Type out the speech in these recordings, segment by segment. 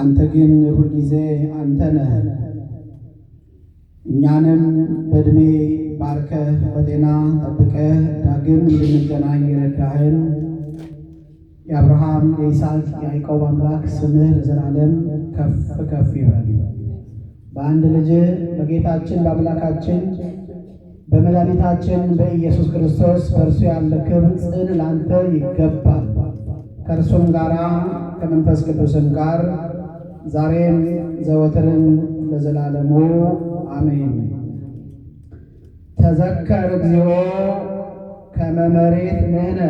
አንተ ግን ሁልጊዜ አንተ ነህ። እኛንም በእድሜ ባርከህ በጤና ጠብቀህ ዳግም እንድንገናኝ የረዳህን የአብርሃም የይስሐቅ የያዕቆብ አምላክ ስምህ ለዘላለም ከፍ ከፍ ይበል። በአንድ ልጅ በጌታችን በአምላካችን በመድኃኒታችን በኢየሱስ ክርስቶስ በእርሱ ያለ ክብር ጽን ላንተ ይገባል ከእርሱም ጋራ ከመንፈስ ቅዱስም ጋር ዛሬም ዘወትርን ለዘላለሙ አሜን። ተዘከር እግዚኦ ከመመሬት ምህነ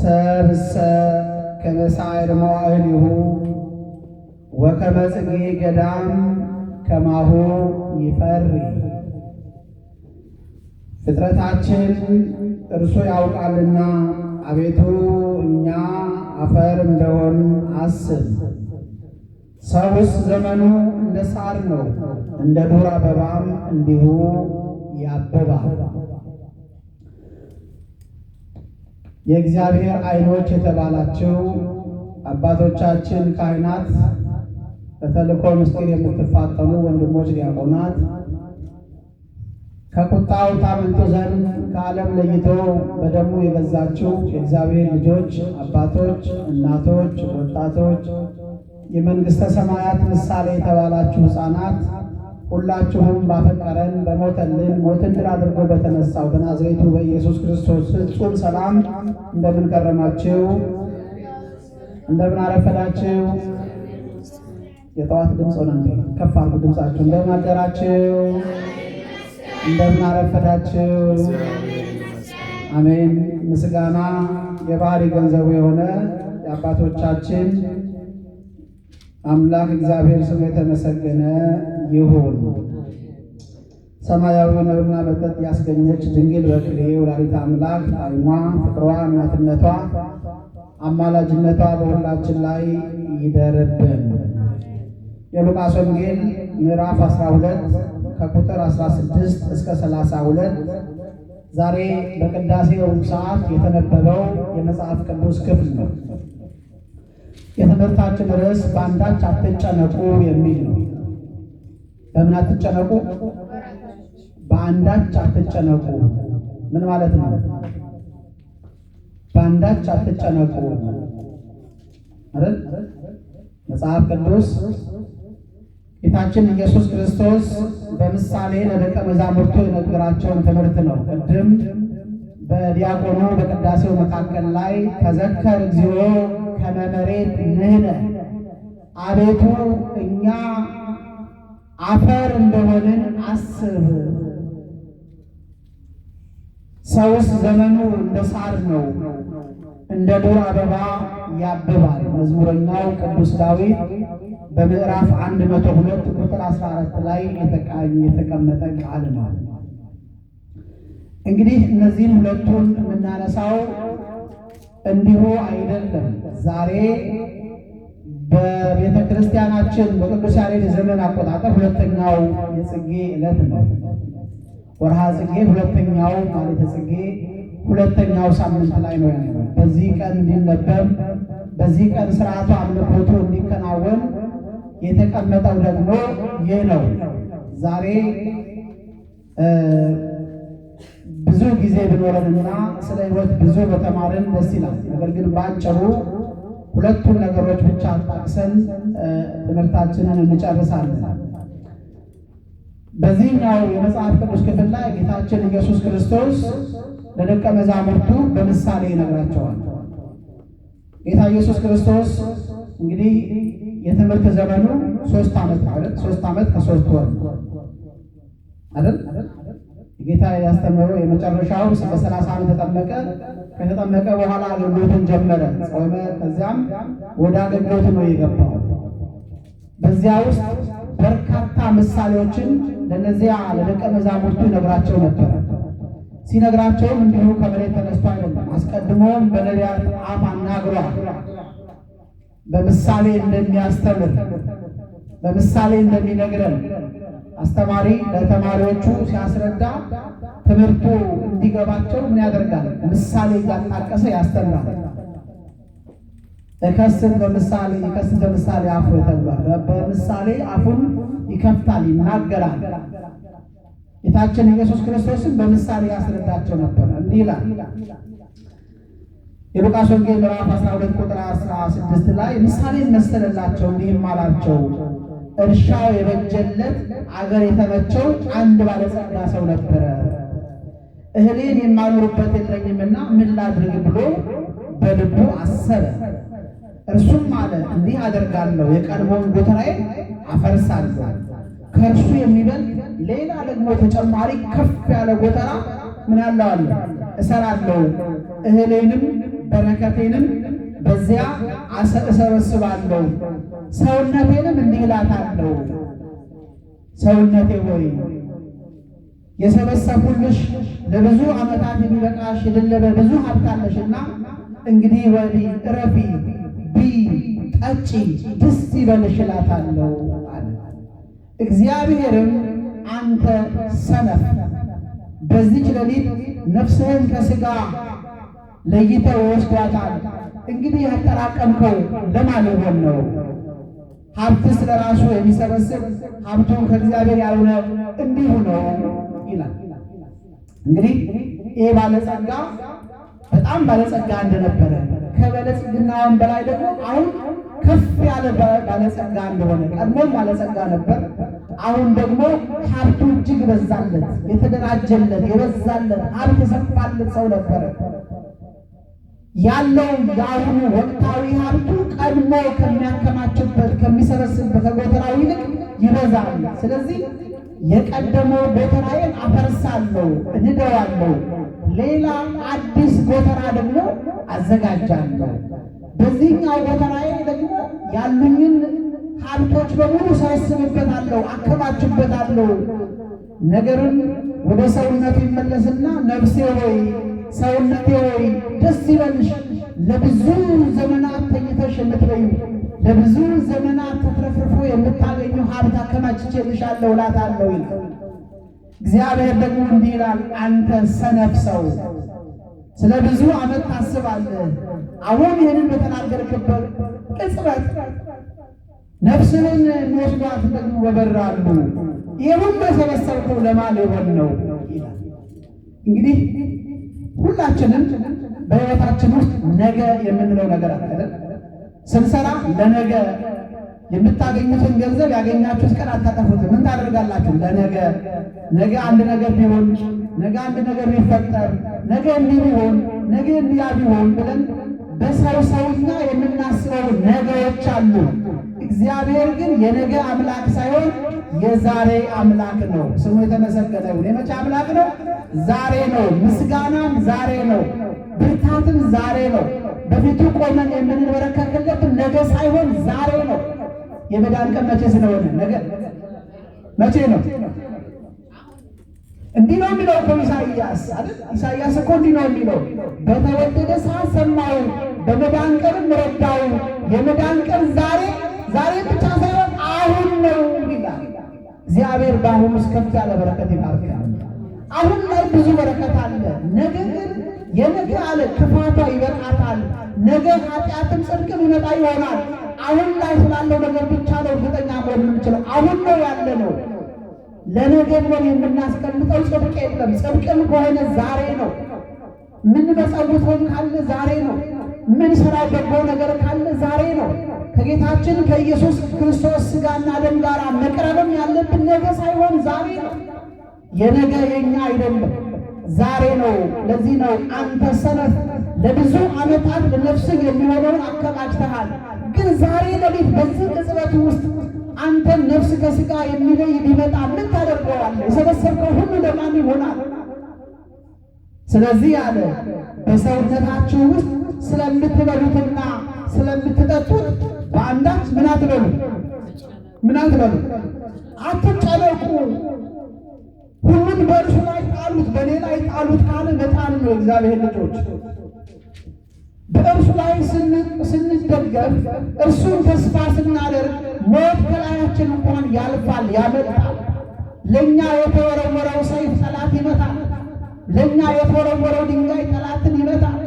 ሰብሰ ከመሳይር ከመ ሳዕር ገዳም ከማሁ ይፈሪ። ፍጥረታችን እርሱ ያውቃልና አቤቱ እኛ አፈር እንደሆኑ አስብ። ሰውስ ዘመኑ እንደ ሳር ነው፣ እንደ ዱር አበባም እንዲሁ ያብባል። የእግዚአብሔር ዓይኖች የተባላቸው አባቶቻችን ካህናት በተልእኮ ምስጢር የምትፋጠኑ ወንድሞች ዲያቆናት ከቁጣው ታመልጦ ዘንድ ከዓለም ለይቶ በደሙ የበዛችው የእግዚአብሔር ልጆች አባቶች፣ እናቶች፣ ወጣቶች፣ የመንግሥተ ሰማያት ምሳሌ የተባላችሁ ሕፃናት ሁላችሁም ባፈቀረን በሞተልን ሞትን ድል አድርጎ በተነሳው በናዝሬቱ በኢየሱስ ክርስቶስ ፍጹም ሰላም እንደምን ከረማችሁ? እንደምን አረፈዳችሁ? የጠዋት ድምፅ ሆነ ከፍ ድምፃችሁ። እንደምን አደራችሁ? እንደምን አረፈዳችሁ። አሜን። ምስጋና የባህሪ ገንዘቡ የሆነ የአባቶቻችን አምላክ እግዚአብሔር ስሙ የተመሰገነ ይሁን። ሰማያዊ ነውና መጠጥ ያስገኘች ድንግል በክሌ ወላዲተ አምላክ አይኗ ፍቅሯ፣ እናትነቷ፣ አማላጅነቷ በሁላችን ላይ ይደርብን። የሉቃስ ወንጌል ምዕራፍ 12 ከቁጥር 16 እስከ 32 ዛሬ በቅዳሴው ሰዓት የተነበበው የመጽሐፍ ቅዱስ ክፍል ነው። የትምህርታችን ርዕስ በአንዳች አትጨነቁ የሚል ነው። በምን አትጨነቁ? በአንዳች አትጨነቁ ምን ማለት ነው? በአንዳች አትጨነቁ አይደል? መጽሐፍ ቅዱስ ጌታችን ኢየሱስ ክርስቶስ በምሳሌ ለደቀ መዛሙርቱ የነገራቸውን ትምህርት ነው። ቅድም በዲያቆኑ በቅዳሴው መካከል ላይ ተዘከር እግዚኦ ከመ መሬት ንሕነ፣ አቤቱ እኛ አፈር እንደሆንን አስብ። ሰውስ ዘመኑ እንደ ሳር ነው፣ እንደ ዱር አበባ ያብባል። መዝሙረኛው ቅዱስ ዳዊት በምዕራፍ 102 ቁጥር 14 ላይ የተቀመጠ ቃል ነው። እንግዲህ እነዚህን ሁለቱን የምናነሳው እንዲሁ አይደለም። ዛሬ በቤተ ክርስቲያናችን በቅዱስ ያሬድ ዘመን አቆጣጠር ሁለተኛው የጽጌ ዕለት ነው። ወርሃ ጽጌ ሁለተኛው ማለት ጽጌ ሁለተኛው ሳምንት ላይ ነው ያለው። በዚህ ቀን እንዲነበብ፣ በዚህ ቀን ስርዓቱ አምልኮቱ እንዲከናወን የተቀመጠው ደግሞ ይህ ነው። ዛሬ ብዙ ጊዜ ብኖረንና ስለ ህይወት ብዙ በተማርን ደስ ይላል። ነገር ግን በአጭሩ ሁለቱን ነገሮች ብቻ አጣቅሰን ትምህርታችንን እንጨርሳለን። በዚህኛው የመጽሐፍ ቅዱስ ክፍል ላይ ጌታችን ኢየሱስ ክርስቶስ ለደቀ መዛሙርቱ በምሳሌ ይነግራቸዋል። ጌታ ኢየሱስ ክርስቶስ እንግዲህ የትምህርት ዘመኑ ሶስት ዓመት ማለት ሶስት ዓመት ከሶስት ወር አይደል? ጌታ ያስተምሩ የመጨረሻው በሰላሳ ዓመት ተጠመቀ። ከተጠመቀ በኋላ አገልግሎትን ጀመረ ጾመ። ከዚያም ወደ አገልግሎት ነው የገባው። በዚያ ውስጥ በርካታ ምሳሌዎችን ለነዚያ ለደቀ መዛሙርቱ ይነግራቸው ነበረ። ሲነግራቸውም እንዲሁ ከመሬት ተነስቶ አይደለም፣ አስቀድሞም በነቢያት አፍ አናግሯል። በምሳሌ እንደሚያስተምር በምሳሌ እንደሚነግረን አስተማሪ ለተማሪዎቹ ሲያስረዳ ትምህርቱ እንዲገባቸው ምን ያደርጋል? ምሳሌ እያጣቀሰ ያስተምራል። እከስን በምሳሌ እከስን በምሳሌ አፉ ተብሏል። በምሳሌ አፉን ይከፍታል፣ ይናገራል። ጌታችን ኢየሱስ ክርስቶስን በምሳሌ ያስረዳቸው ነበር። እንዲህ ይላል የሉቃስ ወንጌል ምዕራፍ 12 ቁጥር 16 ላይ ምሳሌን መሰለላቸው እንዲህም አላቸው፣ እርሻው የበጀለት አገር የተመቸው አንድ ባለጸጋ ሰው ነበረ። እህሌን የማኖርበት የለኝምና ምን ላድርግ ብሎ በልቡ አሰበ። እርሱም አለ እንዲህ አደርጋለሁ፣ የቀድሞውን ጎተራዬን አፈርሳለሁ፣ ከእርሱ የሚበልጥ ሌላ ደግሞ ተጨማሪ ከፍ ያለ ጎተራ ምን አለዋለሁ እሰራለሁ እህሌንም በረከቴንም በዚያ እሰበስባለሁ፣ ሰውነቴንም እንዲህ እላታለሁ፣ ሰውነቴ ሆይ የሰበሰብሁልሽ ለብዙ ዓመታት የሚበቃሽ የደለበ ብዙ ሀብት እንግዲህ ወዲህ እረፊ፣ ቢ ጠጪ፣ ደስ ይበልሽ እላታለሁ። እግዚአብሔርም አንተ ሰነፍ በዚች ሌሊት ነፍስህን ከሥጋ ለይተው ወስዷታል። እንግዲህ ያጠራቀምከው ለማለሆን ነው። ሀብትስ ለራሱ የሚሰበስብ ሀብቱ ከእግዚአብሔር ያልሆነ እንዲሁ ነው ይላል። እንግዲህ ይህ ባለጸጋ በጣም ባለጸጋ እንደነበረ ከበለጽግናውም በላይ ደግሞ አሁን ከፍ ያለ ባለጸጋ እንደሆነ፣ ቀድሞም ባለጸጋ ነበር። አሁን ደግሞ ሀብቱ እጅግ በዛለት፣ የተደራጀለት፣ የበዛለት ሀብት የሰፋለት ሰው ነበረ። ያለው የአሁኑ ወቅታዊ ሀብቱ ቀድሞ ከሚያከማችበት ከሚሰበስብበት ከጎተራው ይልቅ ይበዛል። ስለዚህ የቀደመው ጎተራዬን አፈርሳለሁ፣ እንደዋለሁ፣ ሌላ አዲስ ጎተራ ደግሞ አዘጋጃለሁ። በዚህኛው ጎተራዬ ደግሞ ያሉኝን ሀብቶች በሙሉ ሰበስብበታለሁ፣ አከማችበታለሁ። ነገርን ወደ ሰውነት ይመለስና ነፍሴ ሆይ ሰውነቴ ደስ ይበልሽ፣ ለብዙ ዘመናት ተኝተሽ የምትበዩ ለብዙ ዘመናት ተትረፍርፎ የምታገኘው ሀብት አከማችቼልሻለሁ እላታለሁ። እግዚአብሔር ደግሞ እንዲህ ይላል፣ አንተ ሰነፍ ሰው ስለ ብዙ ዓመት ታስባለህ። አሁን ይህንን በተናገርክበት ቅጽበት ነፍስህን የሚወስዷት ደግሞ በበራሉ። ይህ ሁሉ የሰበሰብከው ለማን ነው? እንግዲህ ሁላችንም በህይወታችን ውስጥ ነገ የምንለው ነገር አለ። ስንሰራ ለነገ የምታገኙትን ገንዘብ ያገኛችሁት ቀን አታጠፉት። ምን ታደርጋላችሁ? ለነገ ነገ አንድ ነገር ቢሆን፣ ነገ አንድ ነገር ቢፈጠር፣ ነገ እንዲህ ቢሆን፣ ነገ እንዲያ ቢሆን ብለን ሰውኛ የምናስበው ነገሮች አሉ። እግዚአብሔር ግን የነገ አምላክ ሳይሆን የዛሬ አምላክ ነው። ስሙ የተመሰገነ ይሁን። የመቼ አምላክ ነው? ዛሬ ነው። ምስጋናም ዛሬ ነው። ብርታትም ዛሬ ነው። በፊቱ ቆመን የምንበረከክለት ነገ ሳይሆን ዛሬ ነው። የመዳን ቀን መቼ ስለሆነ ነገ መቼ ነው? እንዲህ ነው የሚለው እኮ ኢሳያስ አይደል? ኢሳያስ እኮ እንዲህ ነው የሚለው በተወደደ ሰዓት ሰማው፣ በመዳን ቀንም ረዳው። የመዳን ቀን ዛሬ ዛሬ ብቻ ሳይሆን አሁን ነው ይላል እግዚአብሔር። በአሁኑ ውስጥ ከፍ ያለ በረከት ይባርካል። አሁን ላይ ብዙ በረከት አለ። ነገ ግን የነገ አለ ክፋቷ ይበቃታል። ነገ ኃጢአትም ጽድቅም ይመጣ ይሆናል። አሁን ላይ ስላለው ነገር ብቻ ነው እርግጠኛ መሆን የምንችለው። አሁን ነው ያለ ነው ለነገ ብለን የምናስቀምጠው ጽድቅ የለም። ጽድቅም ከሆነ ዛሬ ነው። ምን መጸውትም ካለ ዛሬ ነው። ምን ስራ በጎ ነገር ካለ ዛሬ ነው። ከጌታችን ከኢየሱስ ክርስቶስ ስጋና ደም ጋር መቅረብም ያለብን ነገ ሳይሆን ዛሬ ነው። የነገ የኛ አይደለም፣ ዛሬ ነው። ለዚህ ነው አንተ ሰነፍ ለብዙ ዓመታት ለነፍስህ የሚሆነውን አከማችተሃል። ግን ዛሬ ለቤት በዚህ ቅጽበት ውስጥ አንተን ነፍስ ከስጋ የሚለይ ቢመጣ ምን ታደርገዋለህ? የሰበሰብከው ሁሉ ለማን ይሆናል? ስለዚህ አለ በሰውነታችሁ ውስጥ ስለምትበሉትና ስለምትጠጡት በአንዳች ምን አትበሉ ምን አትበሉ፣ አትጨነቁ። ሁሉን በእርሱ ላይ ጣሉት፣ በእኔ ላይ ጣሉት ካለ መጣን ነው። እግዚአብሔር ልጆች በእርሱ ላይ ስንደገፍ እርሱን ተስፋ ስናደርግ ሞት ከላያችን እንኳን ያልፋል ያመጣል ለእኛ የተወረወረው ሰይፍ ጠላት ይመታል። ለእኛ የተወረወረው ድንጋይ ጠላትን ይመታል።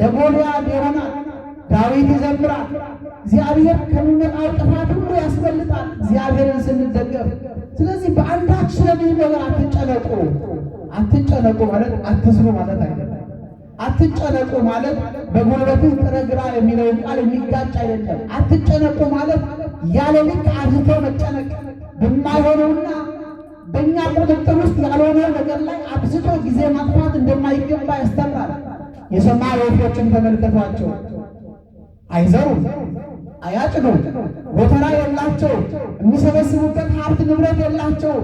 ለጎልያድ ይሆናል። ዳዊት ይዘምራል። እግዚአብሔር ከሚመጣው ጥፋት ሁሉ ያስበልጣል እግዚአብሔርን ስንደገፍ። ስለዚህ በአንዳች ስለምንም ነገር አትጨነቁ። አትጨነቁ ማለት አትስሩ ማለት አይደለም። አትጨነቁ ማለት በጉልበትህ ጥረግራ የሚለውን ቃል የሚጋጭ አይደለም። አትጨነቁ ማለት ያለ ልክ አብዝቶ መጨነቅ በማይሆነውና በእኛ ቁጥጥር ውስጥ ያልሆነው ነገር ላይ አብዝቶ ጊዜ ማጥፋት እንደማይገባ ያስተምራል። የሰማይ ወፎችን ተመልከቷቸው። አይዘሩም፣ አያጭዱም፣ ጎተራ የላቸው፣ የሚሰበስቡበት ሀብት ንብረት የላቸው።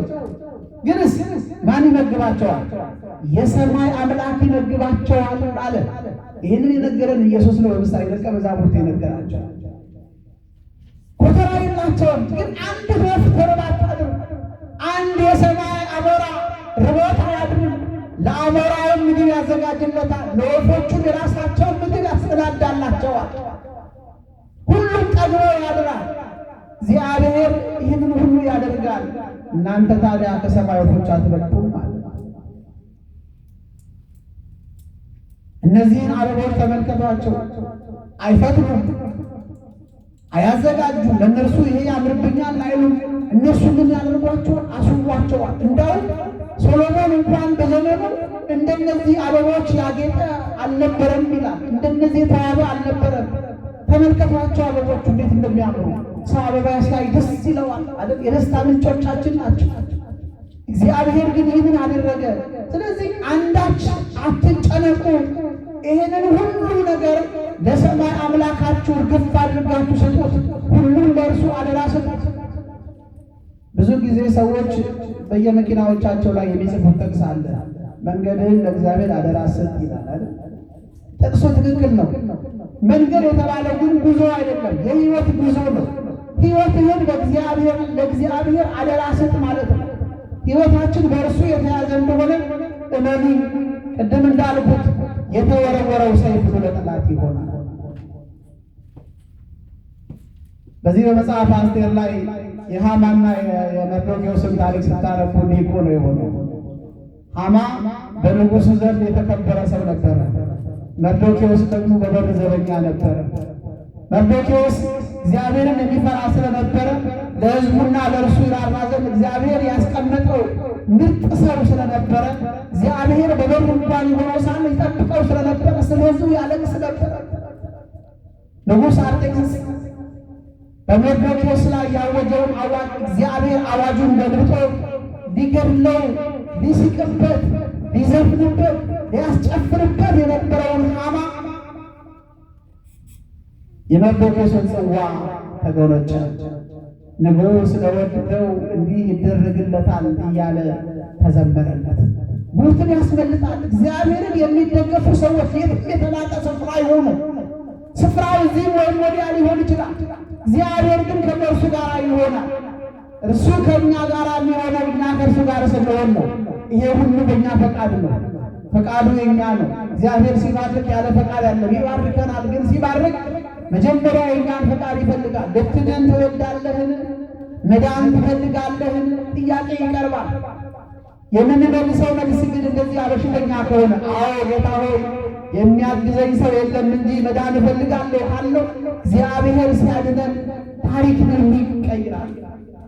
ግንስ ማን ይመግባቸዋል? የሰማይ አምላክ ይመግባቸዋል አለ። ይህንን የነገረን ኢየሱስ ነው። በምሳሌ ደቀ መዛሙርት የነገራቸው ኮተራ የላቸውም። ግን አንድ በት ኮረዳ አንድ የሰማይ አሞራ ርቦት አያድርም። ለአሞራውም ምግብ ያዘጋጅለታል፣ ለወፎቹም የራሳቸውን ምግብ ያሰናዳላቸዋል። ሁሉም ጠግቦ ያድራል። እግዚአብሔር ይህንን ሁሉ ያደርጋል። እናንተ ታዲያ ከሰማይ ወፎች አትበልጡም እነዚህን አበቦች ተመልከቷቸው፣ አይፈትሉም አያዘጋጁም። ለእነርሱ ይሄ ያምርብኛል አይሉም። እነሱ ግን ያደርጓቸዋል፣ አስውቧቸዋል። እንዳውም ሶሎሞን እንኳን በዘመኑ እንደነዚህ አበቦች ያጌጠ አልነበረም ይላል። እንደነዚህ የተዋበ አልነበረም። ተመልከቷቸው አበቦቹ እንዴት እንደሚያምሩ። ሰው አበባ ያስታይ ደስ ይለዋል የደስታ ምንጮቻችን ናቸው። እግዚአብሔር ግን ይህንን አደረገ። ስለዚህ አንዳች አትጨነቁ፣ ይህንን ሁሉ ነገር ለሰማይ አምላካችሁ እርግፍ አድርጋችሁ ስጡት፣ ሁሉም ለእርሱ አደራ ስጡት። ብዙ ጊዜ ሰዎች በየመኪናዎቻቸው ላይ የሚጽፉት ጥቅስ አለ። መንገድህን ለእግዚአብሔር አደራ ስጥ ይላል። ጥቅሱ ትክክል ነው። መንገድ የተባለ ግን ጉዞ አይደለም፣ የህይወት ጉዞ ነው። ህይወትህን ለእግዚአብሔር አደራ ስጥ ማለት ነው። ህይወታችን በእርሱ የተያዘ እንደሆነ እመኒ ቅድም እንዳልኩት የተወረወረው ሰይፍ ለጠላት ይሆናል። በዚህ በመጽሐፍ አስቴር ላይ የሃማና የመርዶክዮስን ታሪክ ስታነቡ እንዲህ ነው የሆነ ሃማ በንጉሱ ዘንድ የተከበረ ሰው ነበረ። መርዶክዮስ ደግሞ በበር ዘበኛ ነበረ። መርዶክዮስ እግዚአብሔርን የሚፈራ ስለነበረ ለህዝቡና ለእርሱ ይራራ ዘንድ እግዚአብሔር ያስቀመጠው ምርጥ ሰው ስለነበረ እግዚአብሔር በበሩ እንኳን ሆኖ ሳለ ይጠብቀው ስለነበረ ስለ ያለቅስ ነበረ። ንጉሥ አርጤክስስ በመርዶክዮስ ላይ ያወጀውን አዋጅ እግዚአብሔር አዋጁን ገልብጦ ሊገድለው፣ ሊስቅበት፣ ሊዘፍንበት፣ ሊያስጨፍርበት የነበረውን ሐማ የመርዶክዮስን ጽዋ ተጎነጨ። ንጉ ስለወደደው እንዲህ ይደረግለታል እያለ ተዘመረለት። ቡትን ያስበልጣል። እግዚአብሔርን የሚደገፉ ሰዎች የትም የተላቀ ስፍራ ይሆኑ ስፍራ እዚህ ወይም ወዲያ ሊሆን ይችላል። እግዚአብሔር ግን ከእርሱ ጋር ይሆናል። እርሱ ከእኛ ጋር የሚሆነው እኛ ከእርሱ ጋር ስንሆን ነው። ይሄ ሁሉ በእኛ ፈቃድ ነው። ፈቃዱ የኛ ነው። እግዚአብሔር ሲባርክ ያለ ፈቃድ ያለው ይባርከናል። ግን ሲባርክ መጀመሪያ የእኛን ፈቃድ ይፈልጋል። ልትድን ትወዳለህን? መዳን ትፈልጋለህን? ጥያቄ ይቀርባል። የምንመልሰው መልስ ግን እንደዚህ አበሽተኛ ከሆነ አዎ ጌታ ሆይ የሚያግዘኝ ሰው የለም እንጂ መዳን እፈልጋለሁ አለው። እግዚአብሔር ሲያድነን ታሪክ ነው ይቀይራል።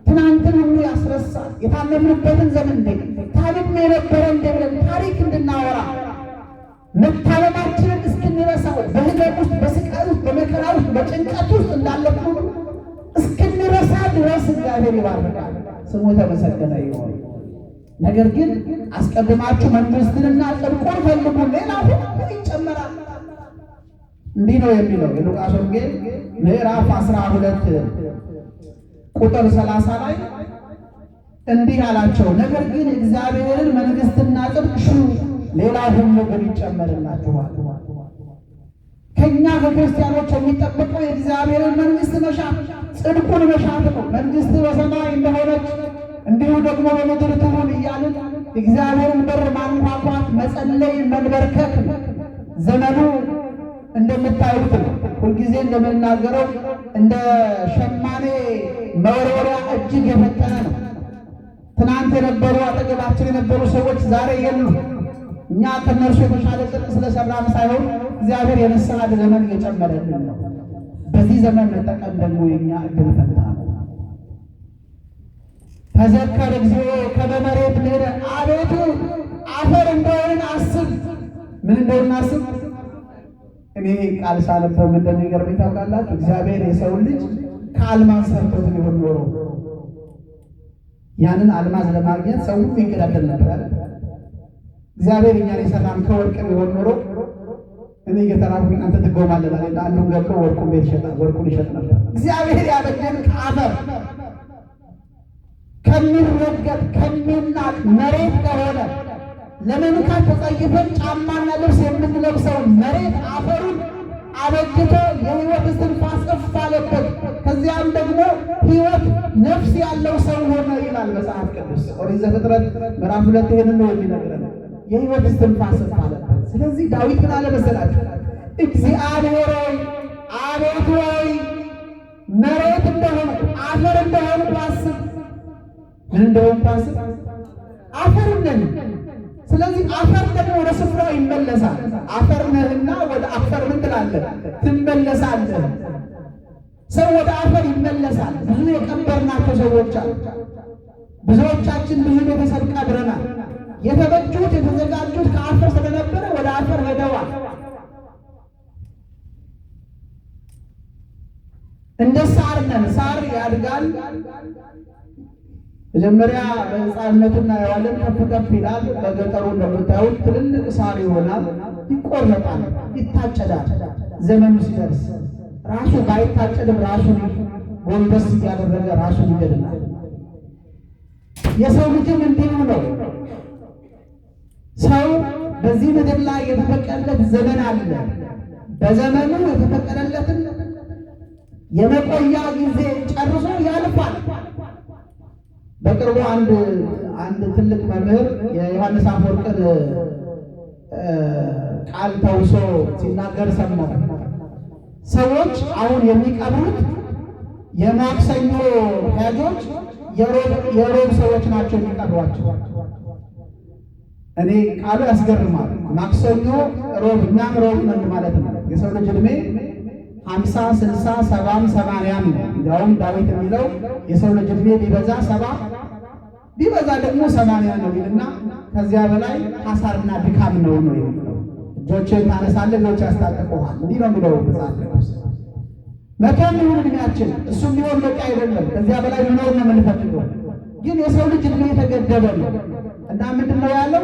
ትናንትን ሁሉ ያስረሳል። የታመምንበትን ዘመን ነ ታሪክ ነው የነበረ እንደለን ታሪክ እንድናወራ መታመማችንን እስክንረሳው በህመም ውስጥ፣ በስቃይ ውስጥ፣ በመከራ ውስጥ፣ በጭንቀት ውስጥ እንዳለፉ እስክንረሳ ድረስ እግዚአብሔር ይባርካል። ስሙ የተመሰገነ ይሆን። ነገር ግን አስቀድማችሁ መንግስትንና ጽድቁን ፈልጉ፣ ሌላ ሁሉ ይጨመራል። እንዲህ ነው የሚለው የሉቃስ ወንጌል ምዕራፍ አስራ ሁለት ቁጥር ሰላሳ ላይ እንዲህ አላቸው፣ ነገር ግን እግዚአብሔርን መንግስትና ጽድቅ ሹ፣ ሌላ ሁሉ ግን ይጨመርላችኋል። ከእኛ ከክርስቲያኖች የሚጠበቀው የእግዚአብሔርን መንግስት መሻት ጽድቁን መሻት ነው። መንግስት በሰማይ እንደሆነች እንዲሁ ደግሞ በምድር ትሁን እያልን እግዚአብሔርን በር ማንኳኳት፣ መጸለይ፣ መንበርከክ ዘመኑ እንደምታዩት ነው። ሁልጊዜ እንደምናገረው እንደ ሸማኔ መወርወሪያ እጅግ የፈጠነ ነው። ትናንት የነበሩ አጠገባችን የነበሩ ሰዎች ዛሬ የሉም። እኛ ከነርሱ የተሻለ ጽድቅ ስለሰራን ሳይሆን እግዚአብሔር የንስሐ ዘመን እየጨመረልን ነው። በዚህ ዘመን መጠቀም ደግሞ የኛ እድል ፈንታ ነው። ተዘከር እግዚኦ ከበመሬት መሬት አቤቱ አፈር እንደሆንን አስብ። ምን እንደሆን አስብ። እኔ ቃል ሳለበው ምን እንደሚገርመኝ ታውቃላችሁ? እግዚአብሔር የሰውን ልጅ ከአልማዝ ሰርቶት ሊሆን ኖሮ ያንን አልማዝ ለማግኘት ሰው ይንገዳደል ነበር። እግዚአብሔር እኛ ላይ የሰራን ከወርቅ ቢሆን ኖሮ እኔ እየተራብኩ እናንተ ትጎማለላ አንዱ ገብቶ ወርቁን ቤት ይሸጣል፣ ወርቁን ይሸጥ ነበር። እግዚአብሔር ያበጀን ከአፈር ከሚረገጥ ከሚናቅ መሬት ከሆነ ለመንካት ተጸይፈን ጫማና ልብስ የምንለብሰው መሬት አፈሩን አበጅቶ የህይወት እስትንፋስ እፍ አለበት። ከዚያም ደግሞ ህይወት ነፍስ ያለው ሰው ሆነ ይላል መጽሐፍ ቅዱስ ኦሪት ዘፍጥረት ምዕራፍ ሁለት ይህን ነው የሚነግረን የህይወት እስትንፋስም አለበት። ስለዚህ ዳዊት ምን አለ መሰላችሁ? እግዚአብሔር ሆይ አቤቱ ሆይ መሬት እንደሆንኩ አፈር እንደሆንኩ አስብ። ምን እንደሆንኩ አስብ፣ አፈር ነኝ። ስለዚህ አፈር ደግሞ ወደ ስፍራው ይመለሳል። አፈር ነህና ወደ አፈር ምን ትላለህ? ትመለሳለህ። ሰው ወደ አፈር ይመለሳል። ብዙ የቀበርናቸው ሰዎች አሉ። ብዙዎቻችን ብዙ ቤተሰብ ቀብረናል። የተበጁት የተዘጋጁት ከአፈር ስለነበረ ወደ አፈር ሄደዋል። እንደ ሳር ነን። ሳር ያድጋል። መጀመሪያ በሕፃንነቱ የዋለን ከፍ ከፍ ይላል። በገጠሩ እንደምታዩት ትልልቅ ሳር ይሆናል። ይቆረጣል፣ ይታጨዳል። ዘመኑ ሲደርስ ራሱ ባይታጨድም ራሱን ጎንበስ እያደረገ ራሱን ይገድናል። የሰው ልጅም እንዲሁ ነው። ሰው በዚህ ምድር ላይ የተፈቀደለት ዘመን አለ። በዘመኑ የተፈቀደለትን የመቆያ ጊዜ ጨርሶ ያልፋል። በቅርቡ አንድ አንድ ትልቅ መምህር የዮሐንስ አፈወርቅን ቃል ተውሶ ሲናገር ሰማሁ። ሰዎች አሁን የሚቀብሩት የማክሰኞ ያጆች የሮብ ሰዎች ናቸው የሚቀብሯቸው እኔ ቃሉ ያስገርማል። ማክሰኞ ሮብ፣ እና ሮብ ነን ማለት ነው። የሰው ልጅ እድሜ ሀምሳ ስልሳ ሰባም ሰማንያም ነው። እንዲያውም ዳዊት የሚለው የሰው ልጅ እድሜ ቢበዛ ሰባ ቢበዛ ደግሞ ሰማንያ ነው ይልና ከዚያ በላይ አሳርና ድካም ነው ነው የሚለው። እጆችን ታነሳለህ፣ እጆች ያስታጥቁሃል። እንዲህ ነው የሚለው መጽሐፍ ቅዱስ። መቼም ይሁን እድሜያችን እሱም ቢሆን በቂ አይደለም። ከዚያ በላይ መኖር ነው የምንፈልገው። ግን የሰው ልጅ እድሜ የተገደበ ነው። እና ምንድነው ያለው?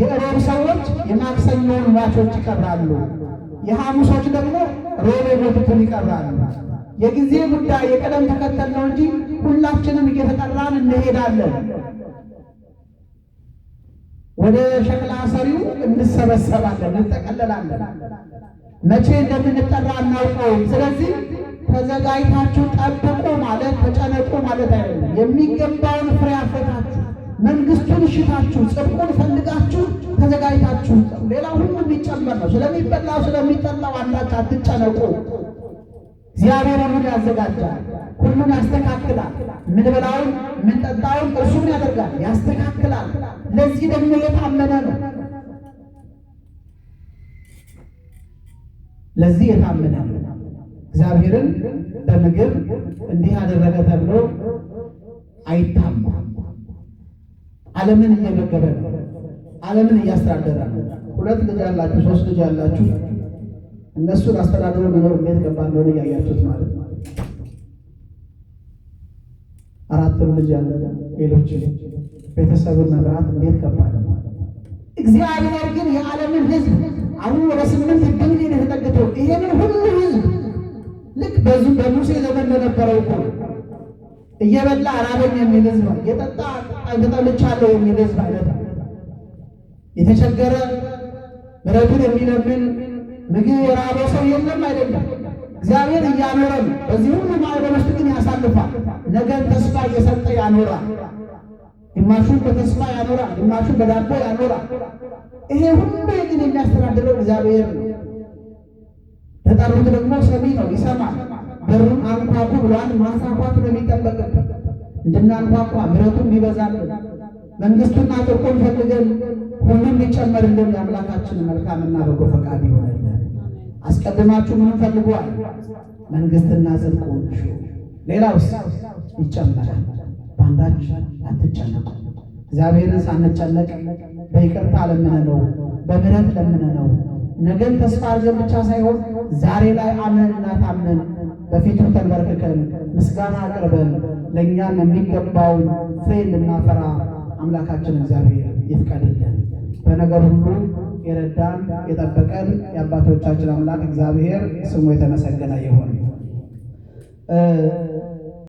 የእሮብ ሰዎች የማክሰኞን ሟቾች ይቀራሉ፣ የሐሙሶች ደግሞ ሮብ የሞቱትን ይቀራሉ። የጊዜ ጉዳይ የቀለም ተከተል ነው እንጂ ሁላችንም እየተጠራን እንሄዳለን። ወደ ሸክላ ሰሪው እንሰበሰባለን፣ እንጠቀለላለን። መቼ እንደምንጠራ አናውቀውም። ስለዚህ ተዘጋጅታችሁ ጠብቁ ማለት ተጨነቁ ማለት አይደለም። የሚገባውን ፍሬ አፈታችሁ መንግስቱን ሽታችሁ ጽድቁን ፈልጋችሁ ተዘጋጅታችሁ፣ ሌላ ሁሉ የሚጨመር ነው። ስለሚበላው ስለሚጠላው አንዳች አትጨነቁ። እግዚአብሔር ሁሉ ያዘጋጃል፣ ሁሉን ያስተካክላል። ምንበላውን ምንጠጣውን እርሱን ያደርጋል? ያስተካክላል። ለዚህ ደግሞ የታመነ ነው። ለዚህ የታመነ ነው። እግዚአብሔርን በምግብ እንዲህ ያደረገ ተብሎ አይታማም። ዓለምን እየመገበ ነው። ዓለምን እያስተዳደረ ነው። ሁለት ልጅ ያላችሁ፣ ሶስት ልጅ ያላችሁ እነሱን አስተዳደሩ መኖር እንዴት ገባ እንደሆነ እያያችሁት ማለት ነው። አራትም ልጅ ያለ ሌሎች ቤተሰብን መብራት እንዴት ገባ እግዚአብሔር ግን የዓለምን ህዝብ አሁን ወደ ስምንት ቢሊዮን የተጠግተው ይሄንን ሁሉ ህዝብ ልክ በሙሴ ዘመን ለነበረው እኮ እየበላ አራበኝ የሚል ሕዝብ እየጠጣ ተጠልቻለሁ የሚል ህዝብ አይነት የተቸገረ ምሕረቱን የሚለምን ምግብ የራበ ሰው የለም አይደለም። እግዚአብሔር እያኖረን በዚህ ሁሉ ማዕበል ውስጥ ግን ያሳልፋል። ነገን ተስፋ እየሰጠ ያኖራል። ግማሹን በተስፋ ያኖራል፣ ግማሹን በዳቦ ያኖራል። ይሄ ሁሉ ግን የሚያስተዳድረው እግዚአብሔር ነው። ለጠሩት ደግሞ ሰሚ ነው፣ ይሰማል። በሩን አንኳኩ ብሏል። ማንኳኳቱ ነው የሚጠበቅበት እንድናንኳኳ ምረቱ ይበዛልን፣ መንግስቱና ጽድቁን ፈልገን ሁሉም ሊጨመርልን የአምላካችን መልካምና በጎ ፈቃድ ይሆነልን። አስቀድማችሁ ምንም ፈልጓል፣ መንግስትና ጽድቁ ሹ፣ ሌላውስ ይጨመራል። በአንዳች አትጨነቁ። እግዚአብሔርን ሳንጨነቅ በይቅርታ በምረት ለምነ ነው ነገን ተስፋ አድርገን ብቻ ሳይሆን ዛሬ ላይ አመን እናታመን በፊቱ ተንበርክከን ምስጋና አቅርበን ለእኛም የሚገባውን ፍሬ እንድናፈራ አምላካችን እግዚአብሔር ይፍቀድልን። በነገር ሁሉ የረዳን የጠበቀን የአባቶቻችን አምላክ እግዚአብሔር ስሙ የተመሰገነ ይሁን።